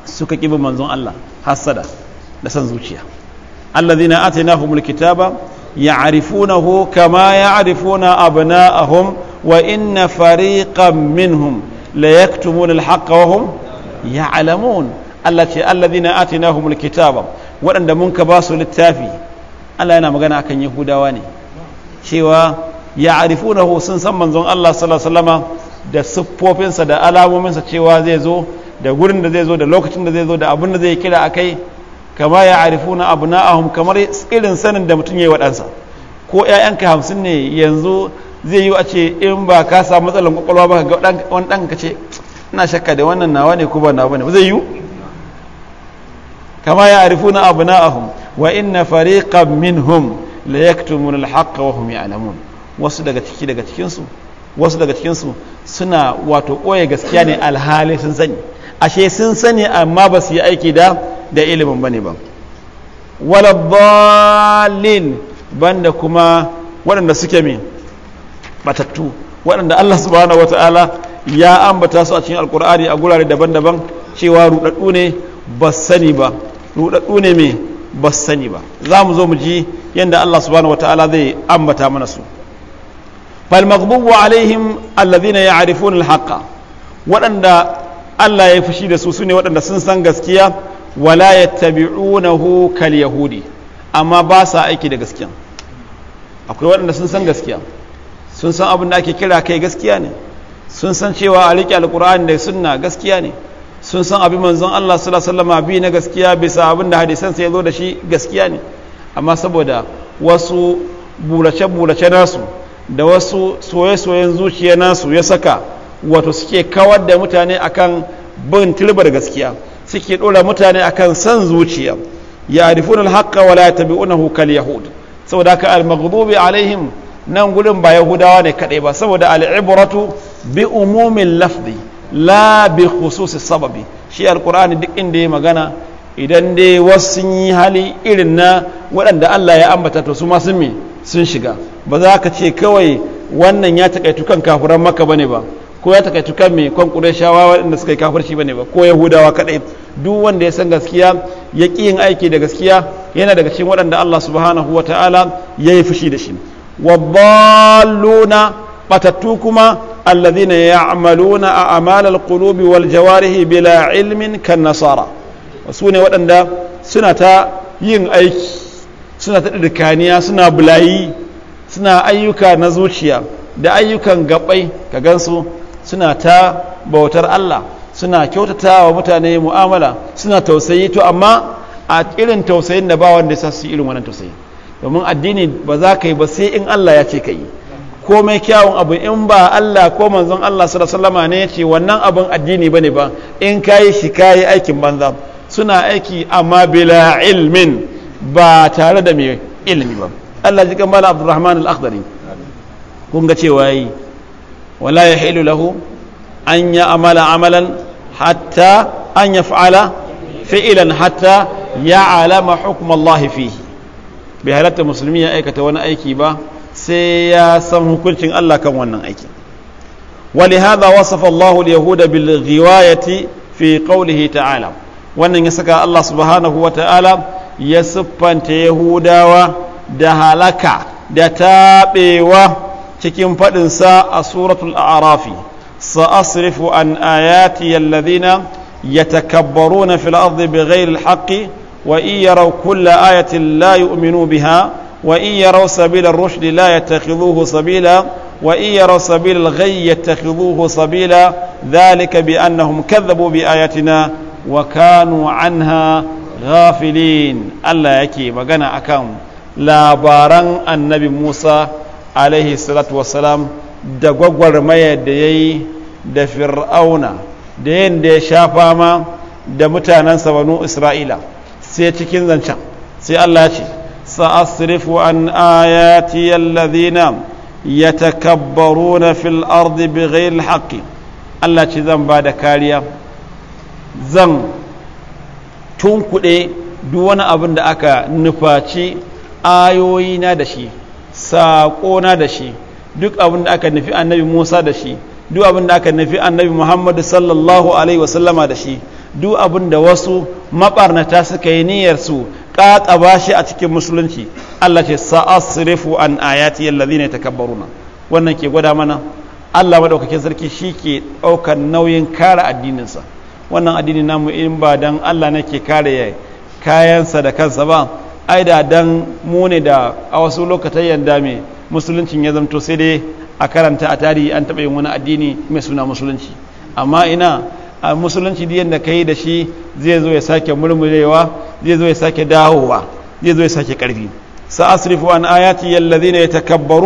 suka kibi manzon Allah hassada da san zuciya alladhina atainahumul kitaba ya'rifunahu kama ya'rifuna abna'ahum wa inna fariqan minhum la yaktumuna al-haqqa wa hum ya'lamun Allah ce alladhina atainahumul kitaba waɗanda mun ka ba su littafi Allah yana magana akan Yahudawa ne cewa ya'rifunahu sun san manzon Allah sallallahu da siffofinsa da alamominsa cewa zai zo da gurin da zai zo da lokacin da zai zo da abin da zai kira akai kama ya abu na ahun kamar irin sanin da mutum ya yi waɗansa ko ƴaƴanka hamsin ne yanzu zai yi a ce in ba ka samu matsalar kwakwalwa ba ga wani ɗan ka ce ina shakka da wannan nawa ne ko ba nawa ne ba zai yi kama ya na ahun wa inna fariqan minhum la yaktumun al-haqqa wa hum ya'lamun wasu daga ciki daga cikinsu wasu daga cikinsu suna wato ɓoye gaskiya ne alhali sun sani ashe sun sani amma ba su yi aiki da da ilimin bane ba. waladdallin banda kuma waɗanda suke min batattu waɗanda Allah subhanahu wataala ya ambata su a cikin alkur'ani a gurare daban-daban cewa rudaddu ne ba sani ba rudaddu ne mai ba sani ba za mu zo mu ji yadda Allah subhanahu wataala zai ambata mana su fal alaihim alladhina ya'rifuna al-haqqa waɗanda Allah ya fushi da su sune waɗanda sun san gaskiya wala ya yattabi'unahu kal yahudi amma ba sa aiki da gaskiya akwai waɗanda sun san gaskiya sun san abin da ake kira kai gaskiya ne sun san cewa a riƙe alƙur'ani da sunna gaskiya ne sun san abin manzon Allah sallallahu alaihi wasallam bi na gaskiya bisa abin da hadisan sai zo da shi gaskiya ne amma saboda wasu burace-burace nasu da wasu soye-soyen zuciya nasu ya saka wato suke kawar da mutane akan bin tilbar gaskiya suke ɗora mutane akan san zuciya ya rifuna alhaqa wala yatabi'unahu kal yahud saboda haka al-maghdubi alaihim nan gudun ba yahudawa ne kadai ba saboda al-ibratu bi umumin lafzi la bi khususi sababi shi alqur'ani duk inda ya magana idan dai wasu yi hali irin na waɗanda Allah ya ambata to su ma sun shiga ba za ka ce kawai wannan ya taƙaitu kan kafuran maka bane ba ko ya takaitu kan mai kwan ƙureshawa waɗanda suka yi kafirci bane ba ko yahudawa kadai duk wanda ya san gaskiya ya ƙi yin aiki da gaskiya yana daga cikin waɗanda Allah subhanahu wa ta'ala ya yi fushi da shi waddalluna batattu kuma alladhina ya'maluna a amalal qulubi wal jawarihi bila ilmin kan nasara su ne waɗanda suna ta yin aiki suna ta suna bulayi suna ayyuka na zuciya da ayyukan gabai ka gansu suna ta bautar Allah suna kyautata wa mutane mu'amala suna tausayi to amma a irin tausayin da ba wanda ya su irin wannan tausayi domin addini ba za ka yi ba sai in Allah ya ce ka yi komai kyawun abu in ba Allah ko manzon Allah sallallahu ne ya ce wannan abun addini bane ba in kayi shi kayi aikin banza suna aiki amma bila ilmin ba tare da mai ilmi ba Allah ji kan mala Abdulrahman al-Akhdari kun ga cewa yi wala ya hailu lahu an amala amalan hata an ya fa'ala fi'ilan hatta ya alama hukum Allah fihi bai halarta musulmi ya aikata wani aiki ba sai ya san hukuncin Allah kan wannan aikin ولهذا وصف الله اليهود بالغواية في قوله تعالى wannan ya saka Allah subhanahu wa ta'ala ya siffanta Yahudawa da halaka da taɓewa cikin faɗinsa a suratul arafi sa'asrifu an ayati alladhina yatakabbaruna fil ardi bighairi alhaqqi wa in yaraw kulla ayatin la yu'minu biha wa in yaraw sabila ar-rushd la yattakhidhuhu sabila wa in yaraw sabila al-ghayy yattakhidhuhu sabila dhalika bi annahum kadhabu bi ayatina wa kanu anha ghafilin Allah yake magana akan labaran annabi Musa alaihi salatu wasalam da gwagwarmaya da ya yi da fir'auna da yadda ya sha fama da mutanen sabanu isra'ila sai cikin zancen sai allah ce sa'asirifu an ayati allazina na fil ardi bighayri haƙi allah ce zan ba da kariya zan tunkuɗe duk wani abin da aka nufaci ayoyina da shi saƙona da shi duk abin da aka nufi annabi musa da shi duk abin da aka nufi annabi muhammadu sallallahu alaihi wasallama da shi duk abin da wasu maɓarnata suka yi niyyar su ƙaƙaba shi a cikin musulunci allah ce sa'asrifu an ayati allazina takabbaruna wannan ke gwada mana allah madaukakin sarki shi ke ɗaukar nauyin kare addininsa wannan addini namu in ba dan allah nake kare kayansa da kansa ba ai da dan mu ne da a wasu lokatan yanda mai musuluncin ya zamto sai dai a karanta a tarihi an taɓa yin wani addini mai suna musulunci amma ina a musulunci da yadda ka yi da shi zai zo ya sake murmurewa zai zo ya sake dawowa zai zo ya sake ƙarfi sa'asrifu an ayati yallazina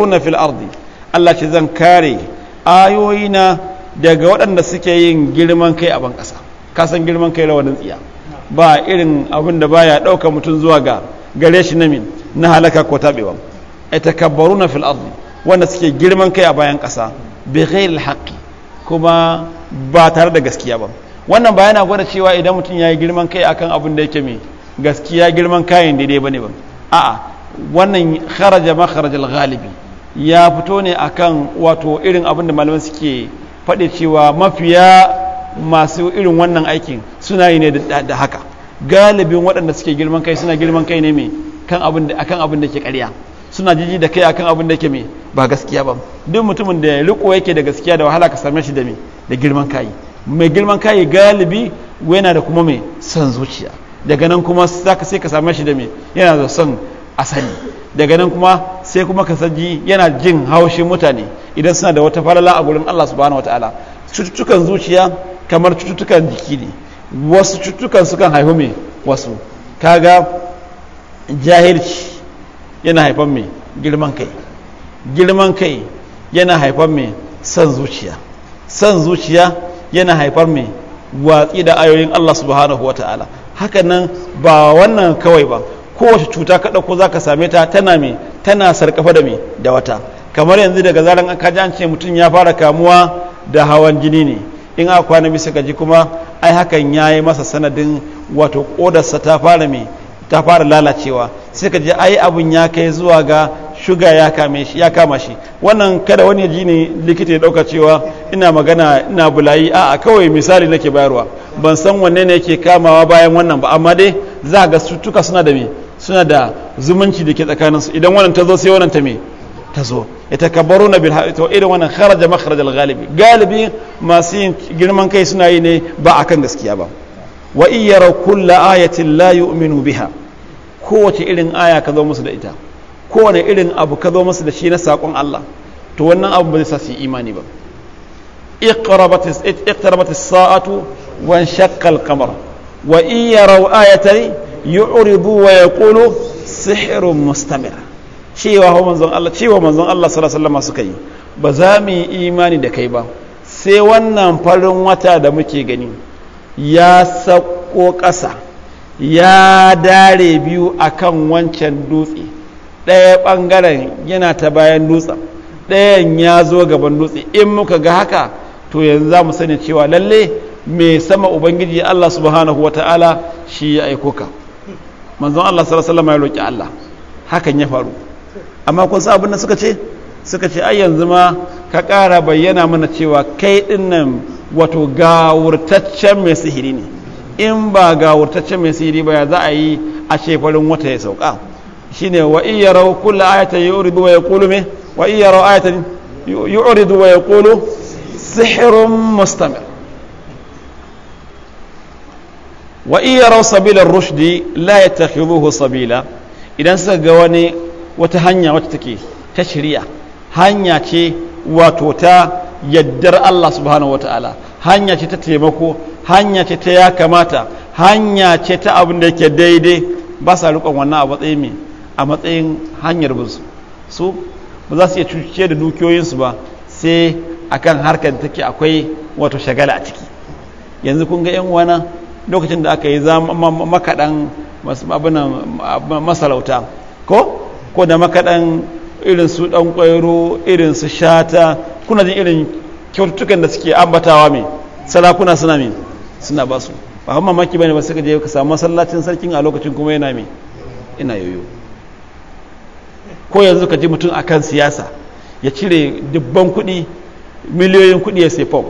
na fil ardi Allah ce zan kare ayoyi na daga waɗanda suke yin girman kai a ban ƙasa kasan girman kai rawanin tsiya ba irin abin da baya ɗauka mutum zuwa ga gare shi na min na halaka ko tabewa yatakabbaruna na ardi wanda suke girman kai a bayan ƙasa bai ghairil haƙƙi kuma ba tare da gaskiya ba wannan ba yana gwada cewa idan mutum ya yi girman kai akan abin da yake mai gaskiya girman kayan daidai ba ne ba a'a wannan kharaja ma kharajal ghalibi ya fito ne akan wato irin abin da malaman suke faɗi cewa mafiya masu irin wannan aikin suna yi ne da haka galibin waɗanda suke girman kai suna girman kai ne mai kan abin da ke ƙarya suna jiji da kai akan abin da ke mai ba gaskiya ba duk mutumin da riko yake da gaskiya da wahala ka same shi da mai da girman kai mai girman kai galibi yana da kuma mai son zuciya daga nan kuma zaka sai ka same shi da mai yana da son asali daga nan kuma sai kuma ka saji yana jin haushin mutane idan suna da wata falala a gurin Allah subhanahu wataala cututtukan zuciya kamar cututtukan jiki ne wasu cutukan sukan haihu mai wasu kaga jahilci yana haifan mai girman kai girman kai yana haifar mai san zuciya san zuciya yana haifar mai watsi da ayoyin Allah subhanahu wa ta'ala hakanan ba wannan kawai ba kowace cuta kada ko za ka same ta tana mai tana sarkafa da mai da wata kamar yanzu daga zaren an an ce mutum ya fara kamuwa da hawan jini ne in a kwana bisa ji kuma ai hakan ya yi masa sanadin wato kodarsa ta fara mai ta fara lalacewa sai ka ji ai abin ya kai zuwa ga shuga ya kama shi wannan kada wani ji ne likita ya dauka cewa ina magana ina bulayi a kawai misali nake bayarwa ban san wanne ne yake kamawa bayan wannan ba amma dai za ga sutuka suna da zumunci da ke tsakaninsu idan wannan ta zo sai wannan ta me tazo zo yatakabbaruna bil to irin wannan kharaja makharajal galibi galibi masu yin girman kai suna yi ne ba akan gaskiya ba wa iyara kullu ayatin la yu'minu biha kowace irin aya ka zo musu da ita kowane irin abu ka zo musu da shi na sakon Allah to wannan abu ba zai sa su imani ba اقتربت الساعة وانشق القمر وإن يروا آية يعرضوا ويقولوا سحر مستمر cewa manzon Allah cewa manzon Allah sallallahu alaihi wasallam suka yi ba za mu yi imani da kai ba sai wannan farin wata da muke gani ya sako ƙasa ya dare biyu akan wancan dutse ɗaya ɓangaren yana ta bayan dutsen ɗayan ya zo gaban dutse in muka ga haka to yanzu za mu sani cewa lalle mai sama ubangiji Allah subhanahu wata'ala shi ya aiko ka manzon Allah sallallahu alaihi wasallam ya roki Allah hakan ya faru amma kun sa abin da suka ce suka ce ai yanzu ma ka ƙara bayyana mana cewa kai ɗin nan wato gawurtaccen mai sihiri ne in ba gawurtaccen mai sihiri ba ya za a yi a shefarin wata ya sauka ne wa iya rau kula ayata uridu wa kulu me wa iya rau ayatan uridu wa kulu sihirin mustamir wa iya rau sabilar rushdi la ruhu sabila idan suka ga wani wata hanya wacce take ta shari'a hanya ce wato ta yaddar Allah subhanahu wataala hanya ce ta taimako hanya ce ta ya kamata hanya ce ta abin da yake daidai ba sa rikon wannan a matsayin me a matsayin hanyar bin su ba za su iya cuce da dukiyoyinsu ba sai akan harkar da take akwai wato shagala a ciki yanzu kun ga 'yan wana lokacin da aka yi makaɗan masalauta ko ko da makaɗan irin su ɗan ƙwairo irin su shata kuna jin irin kyaututtukan da suke ambatawa mai salakuna suna mai suna ba su ba hamma maki bane ba suka je ka samu masallacin sarkin a lokacin kuma yana mai ina yoyo ko yanzu ka ji mutum akan siyasa ya cire dubban kuɗi miliyoyin kuɗi ya sai fom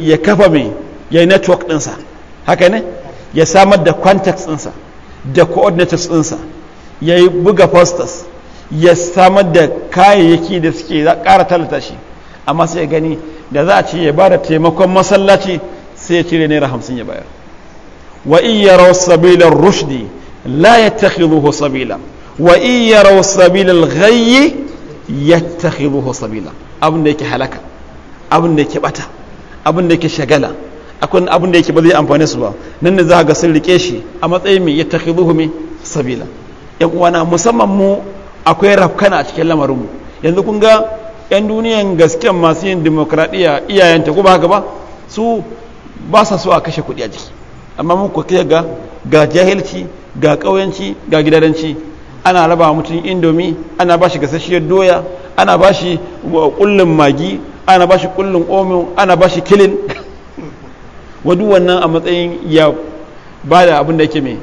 ya kafa mai ya yi network ɗinsa haka ne ya samar da contacts ɗinsa da coordinators ɗinsa ya yi buga fostas ya samar da kayayyaki da suke ƙara talata shi amma sai gani da za a ce ya ba da taimakon masallaci sai ya cire naira hamsin ya bayar wa iya rawar sabilar rushdi la ya ruho sabila wa iya rawar sabilar ya ruho sabila abin da yake halaka abin da yake bata abin da yake shagala akwai abin da yake ba zai amfani su ba nan ne za ga sun rike shi a matsayin mai ya ruho mai sabila yan uwana musamman mu akwai rafkana a cikin lamarinmu yanzu kun ga yan duniyan gasken masu yin demokradiyya iyayenta ko ba haka ba su ba sa so a kashe kuɗi a jiki amma mu ku ga ga jahilci ga ƙauyanci ga gidaranci ana raba mutum indomi ana ba gasasshiyar doya ana ba shi magi ana ba shi omo ana bashi kilin wadu wannan a matsayin ya ba da abin da yake mai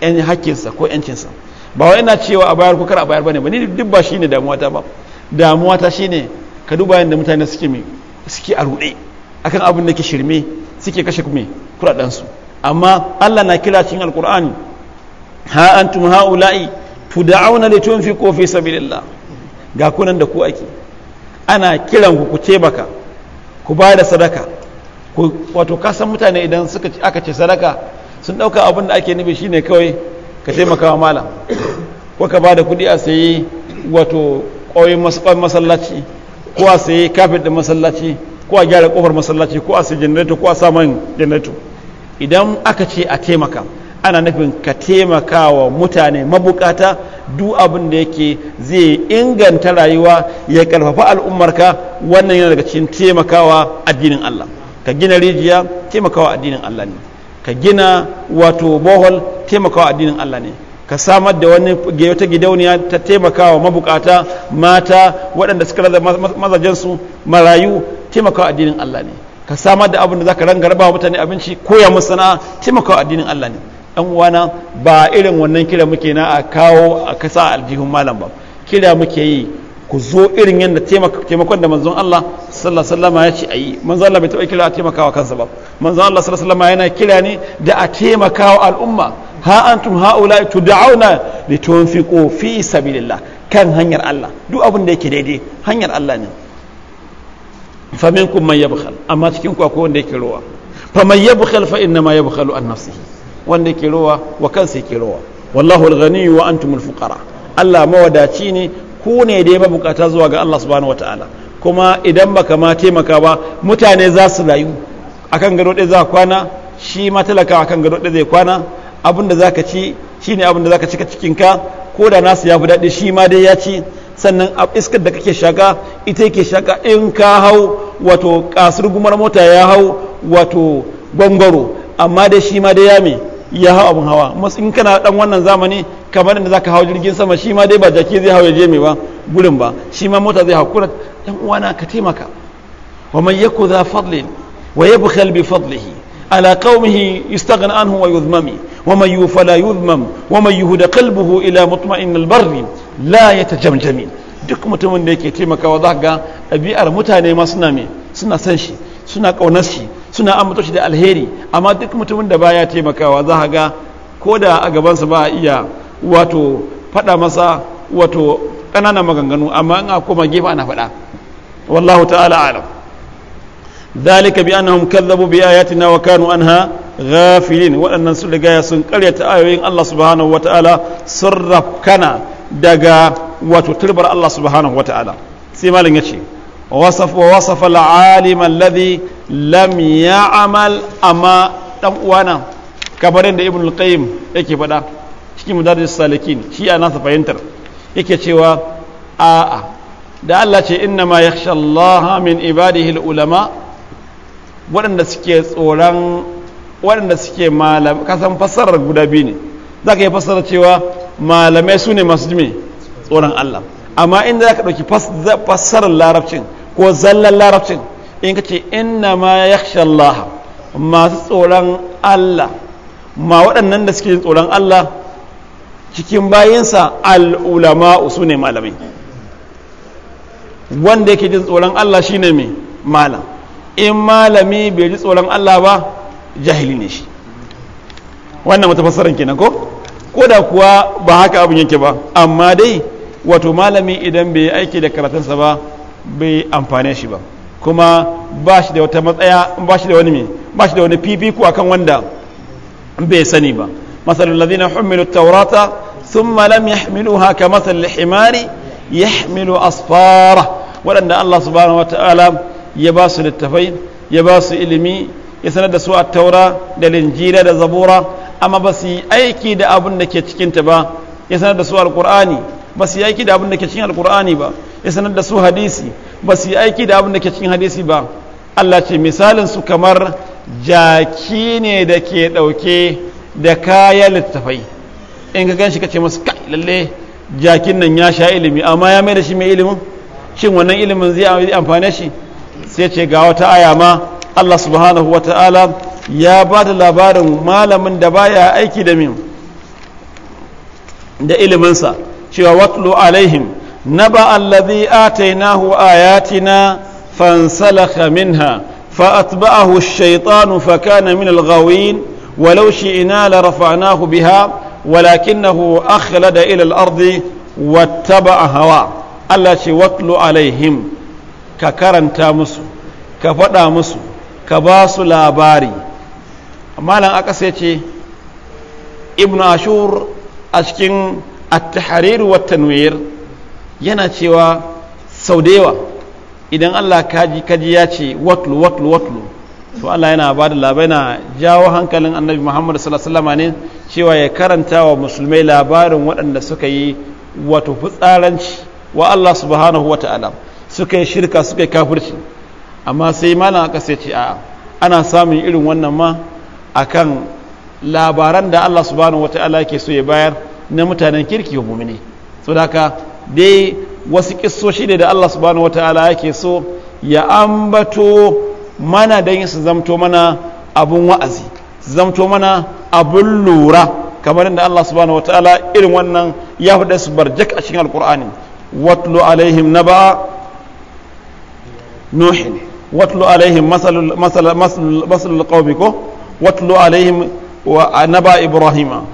'yan hakkinsa ko 'yancinsa ba wa ina cewa a bayar kukar kar a bayar bane ba ni duk ba shine damuwa ta ba damuwa ta shine ka duba yadda mutane suke mai suke a rude akan abin da ke shirme suke kashe mai kuradan su amma Allah na kira cikin la'i ha da auna da tun fi kofi sabilillah ga kunan da ku ake ana kiran ku ku ce baka ku ba da sadaka wato kasan mutane idan suka aka ce sadaka sun ɗauka abin da ake nufi shine kawai ka taimaka wa malam ko ka bada da kuɗi a sayi wato ƙoyin masallaci ko a sayi kafet da masallaci ko a gyara ƙofar masallaci ko a sayi janareto ko a saman janareto idan aka ce a taimaka ana nufin ka taimaka wa mutane mabukata duk abin da yake zai inganta rayuwa ya karfafa al'ummarka wannan yana daga cikin taimakawa addinin Allah ka gina rijiya taimakawa addinin Allah ne ka gina wato bohol taimakawa addinin Allah ne ka samar da wani wata gidauniya ta taimakawa mabukata mata waɗanda suka raza mazajensu marayu taimakawa addinin Allah ne ka samar da abin da zaka ranga raba mutane abinci koya musu sana'a taimakawa addinin Allah ne dan uwana ba irin wannan kira muke na a kawo a kasa aljihun malam ba kira muke yi ku zo irin yadda taimakon da manzon Allah sallallahu alaihi wasallam ya ce ayi manzo Allah bai taba kira a taimakawa kansa ba manzo Allah sallallahu alaihi wasallam yana kira ne da a taimakawa al'umma ha antum haula tud'auna litunfiqu fi sabilillah kan hanyar Allah duk abin da yake daidai hanyar Allah ne faminkum man yabkhal amma cikin ku akwai wanda yake rowa faman yabkhal fa inna ma yabkhalu an nafsihi wanda yake rowa wa kansa yake rowa wallahu al-ghani wa antumul fuqara Allah mawadaci ne ku ne dai mabukata zuwa ga Allah subhanahu wataala kuma idan baka ma taimaka ba mutane za su rayu akan gado ɗaya za kwana shi ma talaka akan gado ɗaya zai kwana abin da za ka ci shi ne abin da za zaka cika cikinka ko da nasu ya fi daɗi shi ma dai ya ci sannan iskar da kake shaka ita yake shaka in ka hau wato ƙasar gumar mota ya hau wato gwangwaro amma dai shi ma dai ya me ya hau abin hawa in kana dan wannan zamani kamar da zaka hau jirgin sama shi ma dai ba jaki zai hau ya je mai ba gurin ba shi ma mota zai hau kura dan uwana ka taimaka wa man yaku za fadlin wa yabkhal bi fadlihi ala qaumihi yustaghna anhu wa yuzmami wa man yufa la yuzmam wa man yuhda qalbuhu ila mutma'in al-barri la yatajamjami duk mutumin da yake taimakawa zaka ga ɗabi'ar mutane ma suna me suna san shi suna kaunar shi suna ambato shi da alheri amma duk mutumin da baya taimakawa za a ga ko da a gabansa ba a iya wato faɗa masa wato ƙananan maganganu amma ina koma gefe ana faɗa wallahu ta'ala alam dalika bi annahum kadhabu bi ayatina wa kanu anha ghafilin waɗannan sun riga sun karyata ayoyin Allah subhanahu wata'ala sun rafkana daga wato turbar Allah subhanahu wata'ala sai malam ya ce ووصف ووصف العالم الذي لم يعمل أما دموانا كبرين دا ابن القيم يكي بدا شكي مدارج السالكين شي أنا فهمتر يكي شوا آآ da Allah ce inna ma yakhsha Allah min ibadihi ulama waɗanda suke tsoron waɗanda suke malam kasan fassarar guda biyu ne za ka yi fassarar cewa malamai su ne masu jimi tsoron Allah amma inda za ka ɗauki fassarar larabcin ko zallan larabcin in ka ce inna ma ya Allah masu tsoron Allah ma waɗannan da suke tsoron Allah cikin bayansa al’ulama su ne malamai wanda yake jin tsoron Allah shine mai malam in malami bai ji tsoron Allah ba jahili ne shi wannan wata fassarar kenan ko ko da kuwa ba haka abin yake ba amma dai wato malami idan bai aiki da karatunsa ba bai amfane shi ba kuma ba shi da wata matsaya ba shi da wani me ba shi da wani fifiko akan wanda bai sani ba masalul ladina humilu tawrata thumma lam yahmiluha kamathal himari yahmilu asfara waɗanda Allah subhanahu wataala ya ba su littafai ya ba su ilimi ya sanar da su a taura da linjira da zabura amma ba su yi aiki da abin da ke cikinta ba ya sanar da su alkur'ani ba su yi aiki da abin da ke cikin alkur'ani ba ya sanar da su hadisi ba su yi aiki da abin da ke cikin hadisi ba Allah ce misalin su kamar jaki ne da ke ɗauke da kaya littafai in ka gan ka ce masu kai lalle jakin nan ya sha ilimi amma ya mai da shi mai ilimin shin wannan ilimin zai amfane shi sai ce ga wata aya ma Allah subhanahu ta'ala ya ba da labarin malamin da baya aiki da min da iliminsa cewa watlu alaihim نبأ الذي آتيناه آياتنا فانسلخ منها فأتبعه الشيطان فكان من الغاوين ولو شئنا لرفعناه بها ولكنه أخلد إلى الأرض واتبع hawa Allah ce watlu alaihim ka karanta musu ka faɗa musu ka basu labari malam nan aka sai ce ibnu ashur a cikin at-tahrir wa yana cewa sau da yawa idan Allah kaji kaji ya ce watlu watlu watlu to Allah yana ba da labai na jawo hankalin annabi Muhammad sallallahu ne cewa ya karanta wa musulmai labarin waɗanda suka yi wato fitsaranci wa Allah subhanahu wa ta'ala suka yi shirka suka yi kafirci amma sai malam aka sai ce a'a ana samun irin wannan ma akan labaran da Allah subhanahu wa ta'ala yake so ya bayar na mutanen kirki wa mu'mini saboda haka dai wasu kissoshi ne da Allah subhanahu wataala yake so ya ambato mana don su zamto mana abun wa'azi zamto mana abun lura kamar da Allah subhanahu wataala irin wannan ya faɗa su barjak a cikin alkur'ani watlu alaihim naba nuhin watlu alaihim masalul masalul masalul qaumi ko watlu alaihim wa naba ibrahima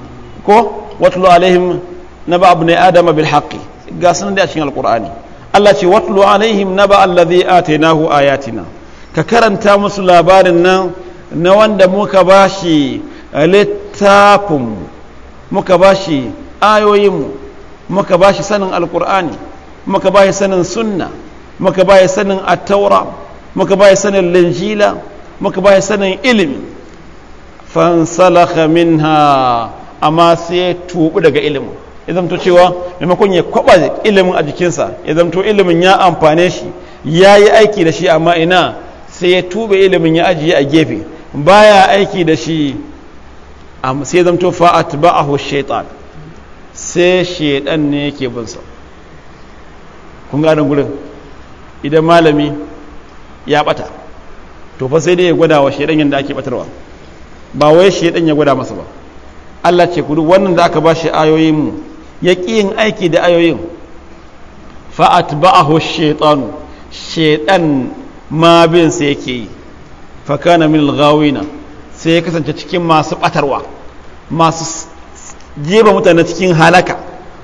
ko watlu alaihim naba ne adama bil haqqi ga sunan da cikin alkur'ani Allah ce watlu alaihim naba allazi atainahu ayatina ka karanta musu labarin nan na wanda muka bashi littafin muka bashi ayoyinmu muka bashi sanin alkur'ani muka bashi sanin sunna muka bashi sanin attaura muka bashi sanin linjila muka bashi sanin ilimi fansalaka minha amma sai tubu daga ilimin ya to cewa maimakon ya kwaba ilimin a jikinsa ya to ilimin ya amfane shi ya yi aiki da shi amma ina sai ya tube ilimin ya ajiye a gefe baya aiki da shi sai ya zamto fa'at ba'ahu shaitan sai shaitan ne yake binsa kun nan gurin idan malami ya bata to fa sai dai ya gwada wa shaitan yadda ake batarwa ba wai shaitan ya gwada masa ba Allah ce kudu wannan da aka ba shi ayoyin mu ya yin aiki da ayoyin fa'at ba'ahu shaitan shaitan ma bin sa yake yi fakana min gawina sai ya kasance cikin masu ɓatarwa, masu jeba mutane cikin halaka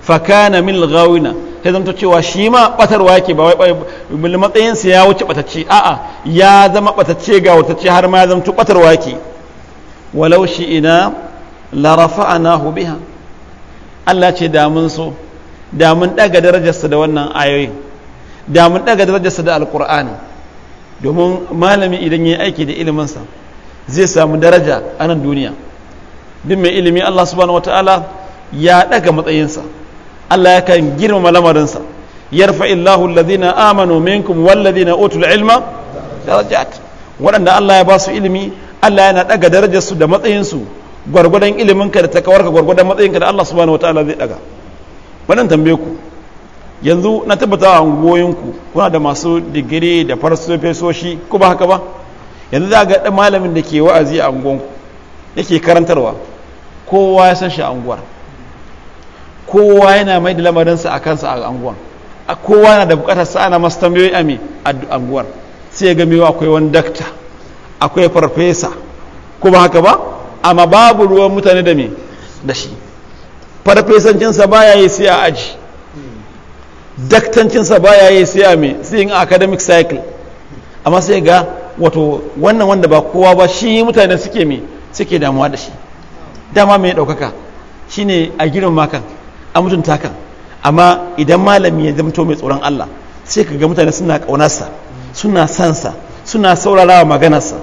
fakana min gawina sai zamta cewa shi ma ɓatarwa yake ba wai matsayinsa ya wuce ɓatacce. a'a ya zama ɓatacce ga watacce har ma ya zamta batarwa yake walau shi ina larafa'anahu biha Allah ce da mun so daga darajarsa da wannan ayoyi da mun daga darajarsa da alkur'ani domin malami idan ya aiki da iliminsa zai samu daraja a nan duniya duk mai ilimi Allah subhanahu wataala ya daga matsayinsa Allah ya yakan girmama lamarinsa yarfa illahu alladhina amanu minkum walladhina utul ilma darajat waɗanda Allah ya ba su ilimi Allah yana daga darajarsu da matsayinsu gwargwadon iliminka da takawarka gwargwadon matsayinka da Allah subhanahu wataala zai daga wannan tambaye ku yanzu na tabbata a ungoyinku kuna da masu digiri da farsofesoshi ko ba haka ba yanzu za ga malamin da ke wa'azi a ungonku yake karantarwa kowa ya san shi a unguwar kowa yana mai da lamarinsa a kansa a unguwar a kowa yana da bukatar sa ana masu tambayoyi a me a unguwar sai ya ga mewa akwai wani dakta akwai farfesa ko ba haka ba amma babu ruwan mutane da me da shi farfesancinsa ba ya yi sai a aji daktancinsa ya yi sai a me sai yin academic cycle amma sai ga wato wannan wanda ba kowa ba shi mutane suke me suke damuwa da shi dama mai ɗaukaka shine a girin makan a mutunta kan amma idan malami ya zamto mai tsoron Allah sai ka ga mutane suna ƙaunarsa suna sansa suna saurarawa maganarsa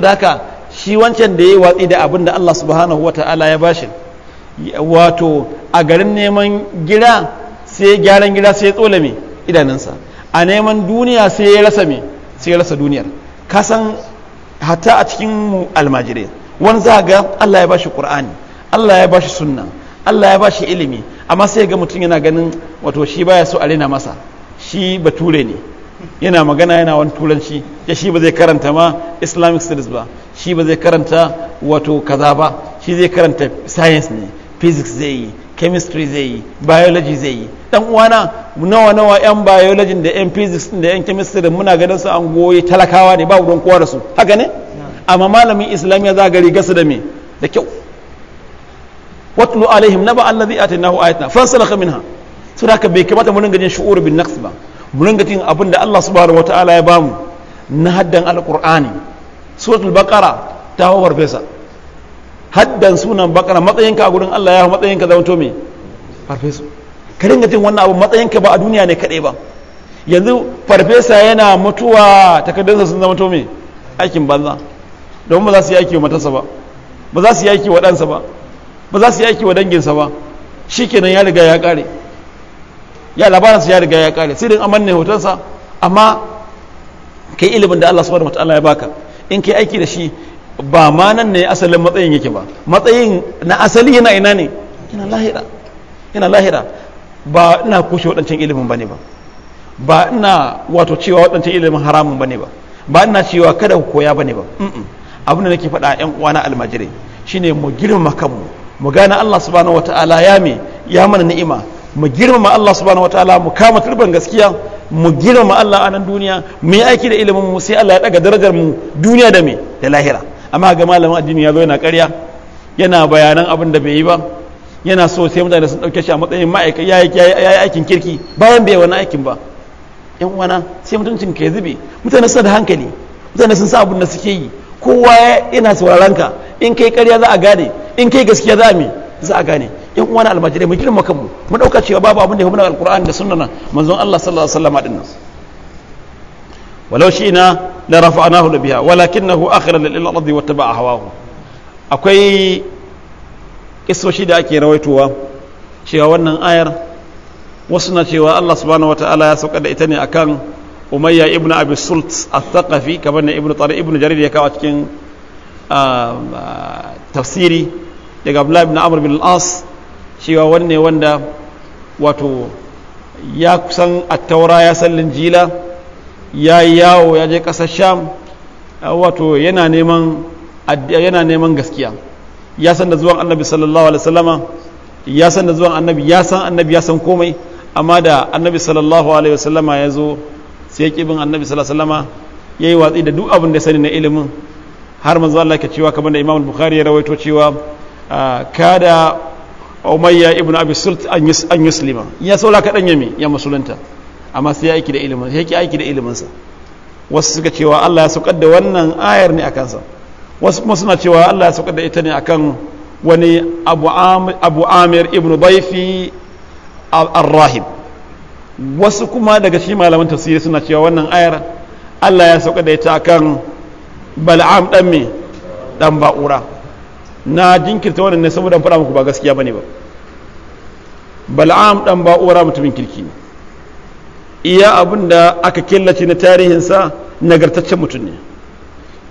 da haka shi wancan da ya yi watsi da abin da Allah subhanahu wata'ala ya bashi wato a garin neman gida sai gyaran gida sai ya tsola mai idanunsa a neman duniya sai ya rasa mai sai ya rasa duniyar kasan hatta a cikin almajirai wani za ga Allah ya bashi Qur'ani Allah ya bashi sunna Allah ya bashi ilimi amma sai ga mutum yana ganin wato shi baya so a rena masa shi bature ne yana magana yana wani turanci ya shi ba zai karanta ma islamic studies ba shi ba zai karanta wato kaza ba shi zai karanta science ne physics zai yi chemistry zai yi biology zai yi dan uwana nawa nawa yan biology da yan physics da yan chemistry muna ganin su an goyi talakawa ne ba wurin kowa da su haka ne amma malamin islamiyya za gari gasu da me da kyau watlu alaihim naba allazi atainahu ayatna fansalakha minha to ka bai kamata mu ringa jin shu'ur bin naqs ba mu ringa jin abin da Allah subhanahu wataala ya bamu na haddan alqur'ani suratul bakara ta hau farfesa haddan sunan bakara matsayinka a gurin Allah ya hau matsayinka zama to me farfesa ka dinga jin wannan abu matsayinka ba a duniya ne kadai ba yanzu farfesa yana mutuwa takardarsa sun zama to me aikin banza domin ba za su yi aiki wa matarsa ba ba za su yi aiki wa ɗansa ba ba za su yi aiki wa danginsa ba Shikenan ya riga ya ƙare ya su ya riga ya ƙare sai dai aman ne hotonsa amma kai ilimin da Allah subhanahu wataala ya baka in ke aiki da shi ba ma nan ne asalin matsayin yake ba matsayin na asali yana ina ne yana lahira yana lahira ba ina kushe waɗancan ilimin ba ne ba ba ina wato cewa waɗancan ilimin haramun ba ne ba ba ina cewa kada ku koya ba ne ba abin da nake faɗa a yan uwana almajirai shine mu girmama kanmu mu gane Allah subhanahu wataala ya me ya mana ni'ima mu girmama Allah subhanahu wataala mu kama turban gaskiya mu girma Allah a nan duniya mu yi aiki da ilimin mu sai Allah ya daga darajar mu duniya da me da lahira amma ga malamin addini ya zo yana ƙarya yana bayanan abin da bai yi ba yana so sai mutane sun dauke shi a matsayin ma'aikata ya yi aikin kirki bayan bai wani aikin ba yan wana sai mutuncin ka ya zube mutane suna da hankali mutane sun sa abin da suke yi kowa yana sauraron ka in kai ƙarya za a gane in kai gaskiya za a me za a gane yan uwan almajirai mu girma kanmu mu dauka cewa babu abin da ya muna alqur'ani da sunna manzon Allah sallallahu alaihi wasallam din nan walau shi'na la rafa'nahu biha walakinahu akhara lil ardi wattaba'a hawahu akwai kisoshi da ake rawaitowa cewa wannan ayar wasu na cewa Allah subhanahu wataala ya sauka da ita ne akan umayya ibnu abi sult al-thaqafi kamar ne ibnu tariq ibnu jarir ya kawo cikin ah, ah, tafsiri daga abdullahi ibn amr bin al-as cewa wanne wanda wato ya kusan attaura ya san linjila ya yi yawo ya je ƙasar sham wato yana neman gaskiya ya san da zuwan annabi sallallahu alaihi wasallama ya san da zuwan annabi ya san annabi ya san komai amma da annabi sallallahu alaihi wasallama ya zo sai ya bin annabi sallallahu alaihi wasallama ya yi watsi da duk abin da sani na ilimin har manzo Allah ke cewa kamar da Imam Bukhari ya rawaito cewa kada umayya ibn abi sult an yuslima ya ka kaɗan yami ya musulunta amma sai ya aiki da ilimin sai ya aiki da sa wasu suka cewa Allah ya saukar da wannan ayar ne a kansa wasu kuma suna cewa Allah ya saukar da ita ne akan wani abu amir ibn baifi al-rahib wasu kuma daga shi malaman tafsiri suna cewa wannan ayar Allah ya saukar da ita akan bal'am dan me dan ba'ura na jinkirta wannan ne saboda fara muku ba gaskiya bane ba bal'am dan ba uwar mutumin kirki ne iya abin da aka killace na tarihinsa nagartaccen mutum ne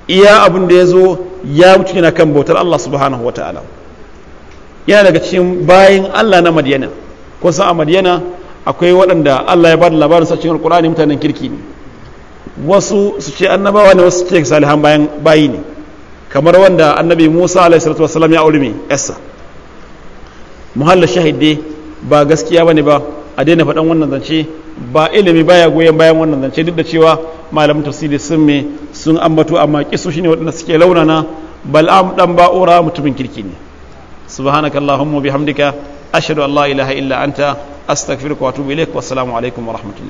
iya abin da ya zo ya mutu yana kan bautar Allah subhanahu wa ta'ala yana daga cikin bayin Allah na Madiyana Ko san a Madiyana akwai waɗanda Allah ya bada labarin sa cikin Alƙur'ani mutanen kirki ne wasu su ce annabawa ne wasu su ce salihan bayan bayi ne kamar wanda annabi musa alaihissalatu wasalam ya ulmi yassa muhalla shahidi ba gaskiya bane ba a daina faɗan wannan zance ba ilimi ba ya goyon bayan wannan zance duk da cewa malamin tafsiri sun me sun ambato amma kisu shine waɗanda suke launana bal'am dan ba'ura mutumin kirki ne سبحانك اللهم وبحمدك أشهد أن لا إله إلا أنت أستغفرك وأتوب إليك والسلام alaikum wa الله